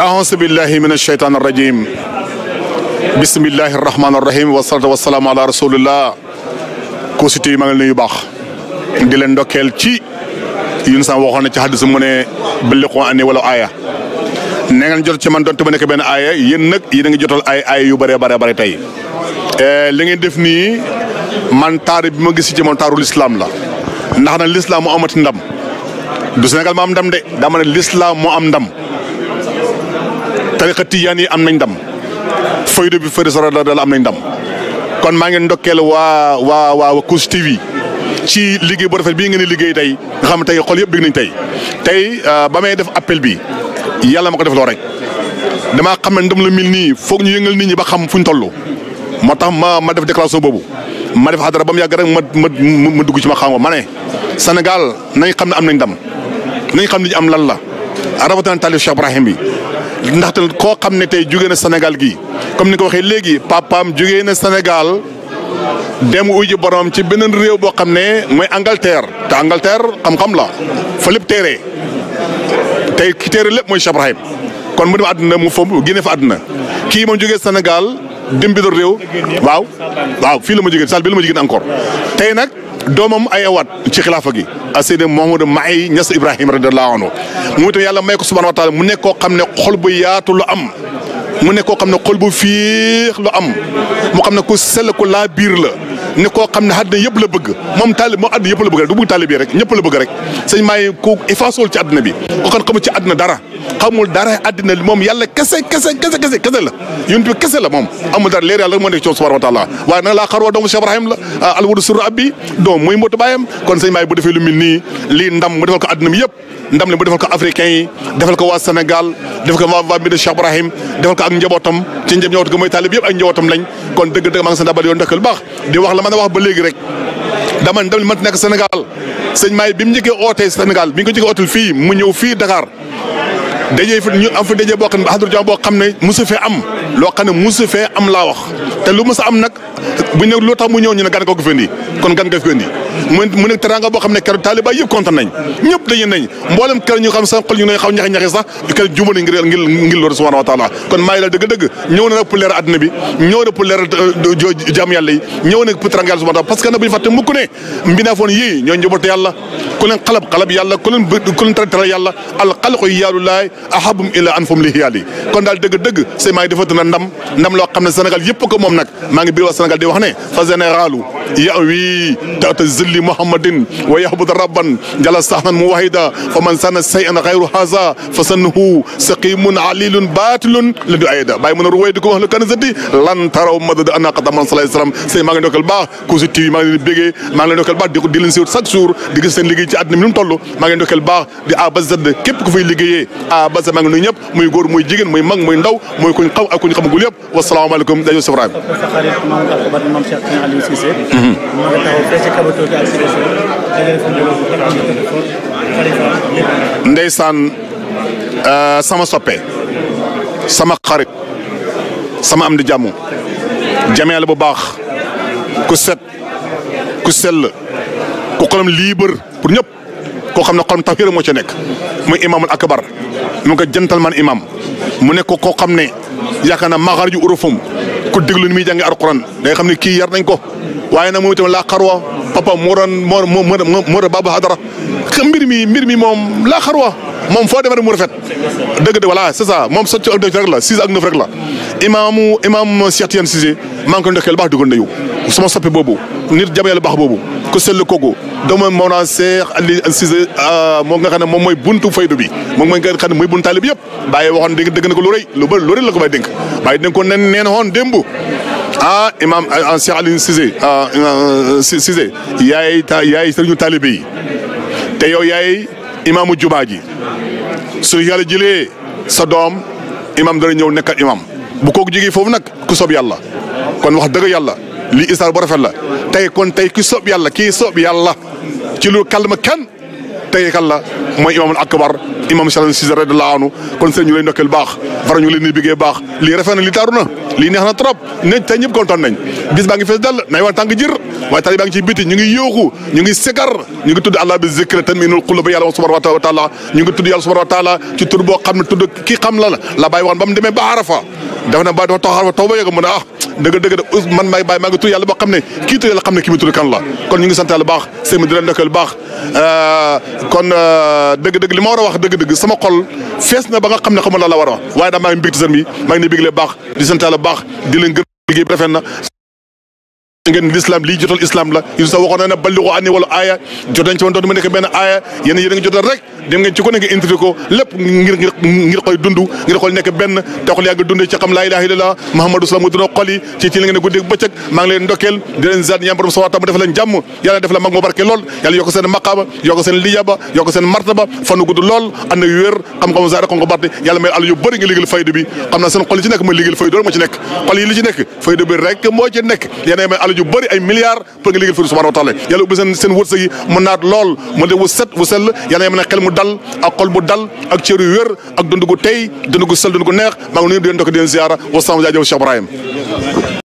أعوذ بالله من الشيطان الرجيم بسم الله الرحمن الرحيم والصلاة والسلام على رسول الله كوسيتي مانغل نيو باخ دي لين دوكيل تي يونس واخون تي حديث مون بلقوا اني ولا ايه نيغن جوت تي مان دونت مون كي بن ايه يين نك يي نغي جوتال اي اي يو بري بري بري تاي ا لي نغي ديف ني مان تاري بما غيسي تي مان تارو الاسلام لا نخنا الاسلام مو امات ندم دو سنغال مام دم دي دا مان الاسلام مو ام ندم tariqa tijaan am nañ dam feuyde bi fëri sara dal am nañ dam kon maa ngi ndokkeel wa wa wa kous TV ci liguey bo rafet bi ngeen di tay nga xam tay xol yeb bég nañ tey tay euh, ba may def appel bi yalla mako def lo rek dama xam ndam la milni fook ñu yëngal nit ñi ba xam fuñ tollu motax ma ma def déclaration bobu ma def hadra bam yag rek ma ma ma dugg ci ma xam mané Sénégal nañ xam ni am nañ dam nañ xam ni am lan la arabatan Talib Cheikh Ibrahim bi ndaxte koo xam ne tey jugee na Sénégal gii comme ni ko waxee léegi papaam jugee na Sénégal dem uji borom ci beneen réew boo xam ne mooy Angleterre te Angleterre xam-xam la fa lépp téere tey ki téere lépp mooy Cheikh kon mu dem àdduna mu fa génne fa àddina kii moom jugee Sénégal. dimbitor rew wow, waaw fi la ma jigen sal bi la ma jigen encore tay nak domam ay awat ci khilafa gi ibrahim radallahu anhu mu tam yalla may ko subhanahu wa ta'ala mu nek ko xamne xol bu yaatu lu am mu ko xamne fiix lu am mu xamne sel la ni koo xam ne àddina yëpp la bëgg moom taalib moom àddina yëpp la bëgg rek du bëgg taalib rek ñëpp la bëgg rek sëñ maa ngi ku effacewul ci àddina bi ko kon xamul ci àddina dara xamul dara àddina moom yàlla kese kese kese kese kese la yonent bi kese la moom amul dara leer yàlla moo nekk ci moom subhanahu wa taala waaye nag laa xarwa doomu Cheikh Ibrahim la ah alwadu sirru abbi doom muy mbootu baayam kon sëñ maa bu defee lu mel nii lii ndam mu defal ko àddina bi yëpp ndam li mu defal ko africain yi defal ko waa Sénégal defal ko waa waa Mbide Cheikh Ibrahim defal ko ak njabootam ci njab ñëwatu ko mooy taalib yëpp ak njabootam lañ kon dëgg dëgg maa ngi seen dabal yoon ndakal baax di wax la mën wax ba léegi rek dama ndam li mën nekk Sénégal sëñ maay bi mu njëkkee ootee Sénégal bi nga ko njëkkee ootel fii mu ñëw fii Dakar daje fi ñu am fa daje boo xam ne xadru jaam fee am loo xam ne mosu fee am laa wax te lu mos am nag bu ñu loo mu ñëw ñu ne gan ko ko fendi kon gan nga fendi mu mu nekk boo xam ne keroog taaliba yëpp kontaan nañ ñëpp dañu nañ mboolem kër ñu xam sax xol ñu ne xaw ñaxe ñaxe sax kër juma nañ ngir ngir ngir loolu subhanahu wa taala kon maa la dëgg-dëgg ñëw na nag pour leeral àddina bi ñëw na euh, yi ñëw na pour teranga yàlla parce que na bu ñu fàtte mukk ne mbinaafoon yàlla ku leen xalab xalab yàlla ku leen ku ahabum ila an fum li xiyaal yi kon daal dëgg-dëgg sëñ maa ngi defatu na ndam ndam loo xam ne Sénégal yëpp ko moom nag maa ngi biir wax Sénégal di wax ne fa généralu يأوي تات الذل محمد ويهبط ربا جل سهلا موحدا فمن سن سيئا غير هذا فسنه سقيم عليل باطل لدو ايدا باي من رويد كو هل كان زدي لن تروا مدد انا قدم صلى الله عليه وسلم سي ماغي دوكال با كو سي تي ماغي بيغي ماغي دوكال با ديكو ديلن سيوت ساك سور ديغي سين ليغي تي ادنا نيم تولو ماغي دوكال با دي ابا زد كيب كو فاي ليغي ابا زد ماغي نوي نيب موي غور موي جيجن موي ماغ موي ndaw موي كون خاو اكون خمغول ييب والسلام عليكم دايو سبرايم maa ngi ndeysaan euh, sama soppe sama xarit sama am di jàmm jameel bu baax ku set ku sell ku xolam libre pour ñëpp koo xam ne xolam tawxiir moo ci nekk muy imaamul akbar mu nga gentleman imam mu nekk koo xam ne. yaakaar naa maxaaraju urufum ku déglu ni muy jàngi alquran da nga xam ne kii yar nañ ko waaye nag moom itam laa xarwa papa moo doon moo moo moo doon baabu hadara mbir mi mbir mi moom laa xarwa moom foo demee rek mu rafet dëgg de voilà c'est ça moom sotti ak neuf rek la six ak neuf rek la imaamu imam Cheikh Tidiane Cissé maa ngi koy ndokkeel baax di ko ndeyu su ma soppe boobu nit jaba yàlla baax boobu ko setl kooku doomu Mawlana Seex Ali Cissé euh, moo nga xam ne moom mooy buntu faydu bi moom mooy nga xam ne mooy buntu taalib yëpp bàyyi waxoon dégg dégg na ko lu rëy lu bëri lu rëy la ko bàyyi dénk bàyyi ko nen neen xoon démb ah a Seex Ali Cissé euh, euh, Cissé yaay yaay ñu taalibe yi te yow yaay imaamu jumaa ji su yàlla jëlee sa doom imaam dana ñëw nekk imaam bu kooku jógee foofu nag ku soob yàlla kon wax dëgg yàlla lii histoire bu rafet la tey kon tey ki soob yàlla kii soob yàlla ci lu kalma kenn tey kan la mooy imaamul akbar imam Saloum Cissé radiyallahu anhu kon sëñ ñu lay ndokkeel baax fara ñu leen di biggee baax lii rafet na lii taaru na lii neex na trop ne tey ñëpp kontaan nañ bis baa ngi fees dell nay wan tànk jër waaye tali baa ngi ci biti ñu ngi yooxu ñu ngi sikar ñu ngi tudd allah bi zikri tatma'innul quluub ba yàlla subhaanahu wa taala ñu ngi tudd yàlla la la la bàyyi waxoon ba mu demee ba dëgg dëgg de man maay bàyyi maa ngi tudd yàlla boo xam ne kii tudd yàlla xam ne kii mu tudd kan la kon ñu ngi sant yàlla baax sëñ di leen ndokkeel baax euh, kon euh, dëgg dëgg li ma war a wax dëgg dëgg sama xol fees na ba nga xam ne xamul la la war a wax waaye daal maa ngi mbégte seen bi maa ngi ne baax di sant yàlla baax di leen gërëm liggéey bi rafet na ngen l'islam li jotal islam la yu sa waxona na balighu anni wal aya jotan ci won do mu nek ben aya yene yene ngi jotal rek dem ngeen ci ko nga intri ko lepp ngir ngir koy dundu ngir xol nek ben taxul yag dundé ci xam la ilaha illallah muhammadu sallallahu alaihi wasallam xoli ci ci ngeen guddé beccak ma ngi len ndokel di len zan yam borom sawata def leen jam yalla def la mag mo lol yalla yok sen maqama yok sen liyaba yok sen martaba fanu gudd lol and wer xam xam zaara ko ko barté yalla may al yu bari nga ligel fayda bi xamna sen xol ci nek ma liggel faydu ma ci nek xol yi li ci nek fayda bi rek mo ci nek yene may doole ju ay milliards pour nga liggéeyal fi subhanahu wa taala yàlla ubbi seen seen wërsëg yi naat lool mu de wu set wu sell yàlla yem ne xel mu dal ak xol bu dal ak cër yu wér ak dund gu tey dund gu sell dund gu neex maa ngi nuyu di leen dokk di leen ziara wasalaam jaajëf Cheikh